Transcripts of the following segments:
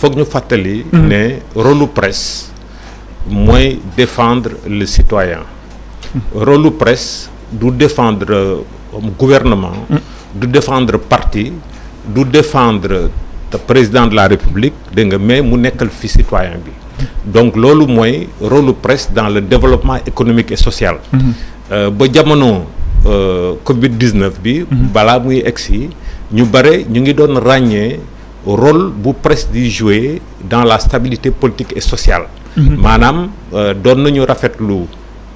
foog ñu fàttali. le rôle presse moins défendre le citoyen. rôle presse de défendre le euh, gouvernement. Mm. de défendre parti de défendre président de la république mais nga mais mu nekkal fi citoyen donc c'est le rôle presse dans le développement économique et social. Mm-hmm. Euh, ba jamono euh, Covid 19 bi. et mhm. muy nous rôle bu presse dit jouer dans la stabilité politique et sociale. Mhm. nous euh, nous nañu le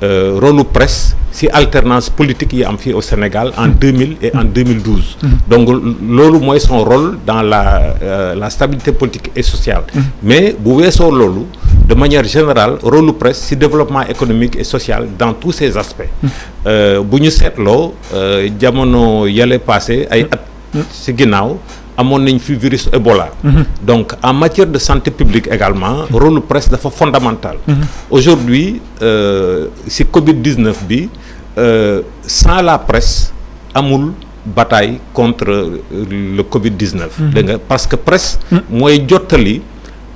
euh, rôle presse si alternance politique yi am fait au Sénégal en 2000 mhm. et en 2012. donc lolo son rôle dans la la stabilité politique et sociale. mais vous voyez sur rôle de manière générale rôle de presse le développement économique et social dans tous ses aspects. Hmm. Euh, bu euh, yale passé ay hmm. Hmm. ci mon virus Ebola. donc en matière de santé publique également rôle de presse est fondamental aujourd'hui euh, c'est Covid 19 bi sans la presse amul bataille contre le Covid 19. parce que presse. mooy jottali.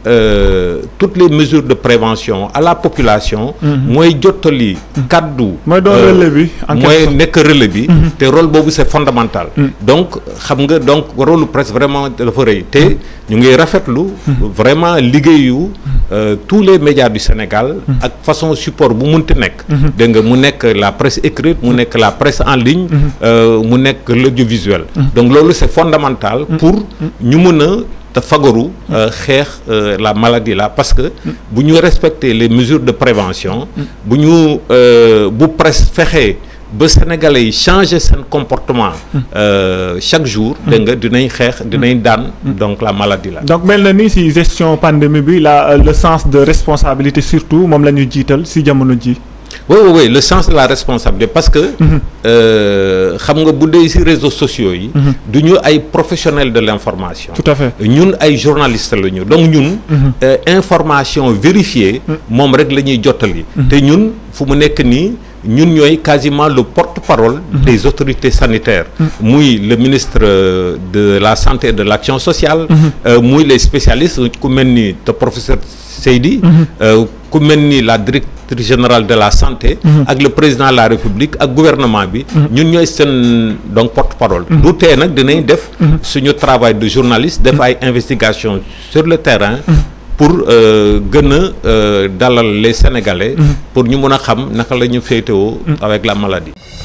Euh, toutes les mesures de prévention à la population. Mhm. mooy jottali. Mhm. kaddu mooy doon euh, relais bi. mooy nekk relais bi. Mhm. rôle bobu c'est fondamental. donc xam nga donc rôle presse vraiment de rëy té ñu ngi rafetlu. vraiment de euh, tous les médias du Sénégal. ak façon support bu muñu nek de nga mu la presse écrite mu la presse en ligne. mu le l'audiovisuel. donc lolu c'est fondamental pour ñu mëna fagorou faire euh, euh, la maladie là parce que vous nous respecter les mesures de prévention vous ñu euh, bu presse fexé ba sénégalais yi changer comportement chaque jour de nga dinañ dinañ donc la maladie là donc mel na ni si gestion pandémie bi la le sens de responsabilité surtout même la ñu si ci oui oui oui le sens de la responsabilité parce que. Mhm. Euh, xam nga bu savez, réseaux sociaux nous sommes des professionnels de l'information. tout à fait Nous sommes des journalistes Nous donc ñun. Mhm. Euh, information vérifiée. Mhm. moom rek Nous Et nous avons... ñun nous nous sommes quasiment le porte-parole des autorités sanitaires mm. muy le ministre euh, de la santé et de l'action sociale mm-hmm. euh, muy les spécialistes comme euh, le professeur Seydi comme mm-hmm. la directrice générale de la santé mm-hmm. avec le président de la république le gouvernement nous ñun donc porte-parole Nous sommes le travail de journaliste def ay investigation sur le terrain pour euh, gën a euh, dalal les sénégalais. Mm-hmm. pour ñu mën a xam naka lañu ñu féetewoo. Mm-hmm. avec la maladie.